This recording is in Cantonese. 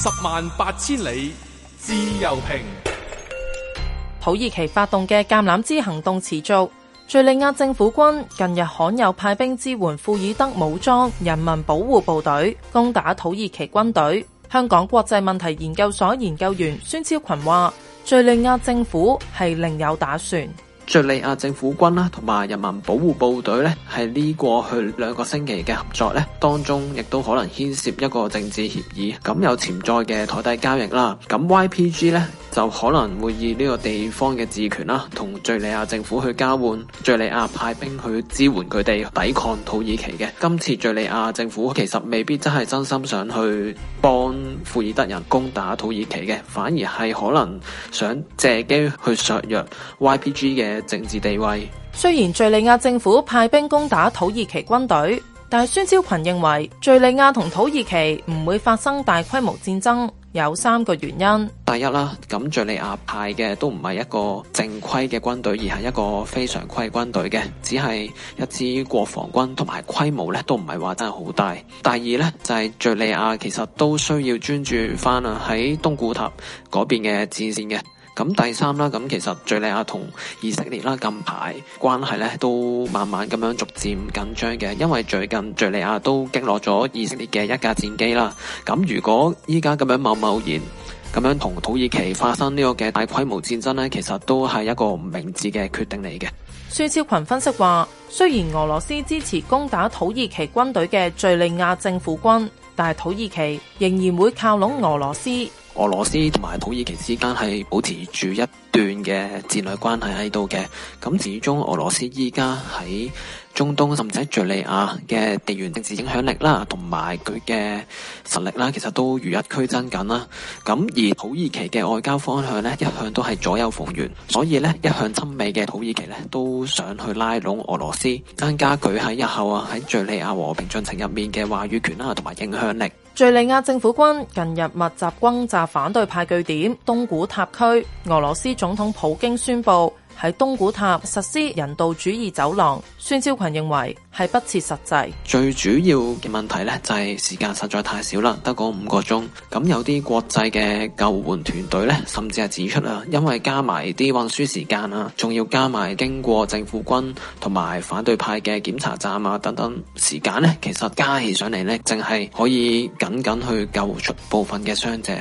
十萬八千里自由評，土耳其發動嘅橄欖枝行動持續。敘利亞政府軍近日罕有派兵支援庫爾德武裝人民保護部隊攻打土耳其軍隊。香港國際問題研究所研究員孫超群話：敘利亞政府係另有打算。敍利亞政府軍啦，同埋人民保護部隊咧，喺呢過去兩個星期嘅合作咧，當中亦都可能牽涉一個政治協議，咁有潛在嘅台底交易啦。咁 YPG 咧就可能會以呢個地方嘅治權啦，同敍利亞政府去交換，敍利亞派兵去支援佢哋抵抗土耳其嘅。今次敍利亞政府其實未必真係真心想去幫庫爾德人攻打土耳其嘅，反而係可能想借機去削弱 YPG 嘅政治地位。雖然敘利亞政府派兵攻打土耳其軍隊，但係孫超群認為敘利亞同土耳其唔會發生大規模戰爭，有三個原因。第一啦，咁敘利亞派嘅都唔係一個正規嘅軍隊，而係一個非常規軍隊嘅，只係一支國防軍，同埋規模咧都唔係話真係好大。第二咧就係、是、敘利亞其實都需要專注翻啊喺東古塔嗰邊嘅戰線嘅。咁第三啦，咁其實敘利亞同以色列啦近排關係咧都慢慢咁樣逐漸緊張嘅，因為最近敘利亞都擊落咗以色列嘅一架戰機啦。咁如果依家咁樣貿貿然咁樣同土耳其發生呢個嘅大規模戰爭咧，其實都係一個唔明智嘅決定嚟嘅。孫超群分析話，雖然俄羅斯支持攻打土耳其軍隊嘅敘利亞政府軍，但係土耳其仍然會靠攏俄羅斯。俄羅斯同埋土耳其之間係保持住一段嘅戰略關係喺度嘅，咁始終俄羅斯依家喺中東甚至喺敘利亞嘅地緣政治影響力啦，同埋佢嘅實力啦，其實都如一俱增緊啦。咁而土耳其嘅外交方向呢，一向都係左右逢源，所以呢，一向親美嘅土耳其呢，都想去拉攏俄羅斯，增加佢喺日後啊，喺敘利亞和平進程入面嘅話語權啦，同埋影響力。敘利亞政府軍近日密集轟炸反對派據點東古塔區，俄羅斯總統普京宣布。喺東古塔實施人道主義走廊，孫超群認為係不切實際。最主要嘅問題咧，就係時間實在太少啦，得嗰五個鐘。咁有啲國際嘅救援團隊咧，甚至係指出啊，因為加埋啲運輸時間啊，仲要加埋經過政府軍同埋反對派嘅檢查站啊等等時間咧，其實加起上嚟咧，淨係可以僅僅去救出部分嘅傷者。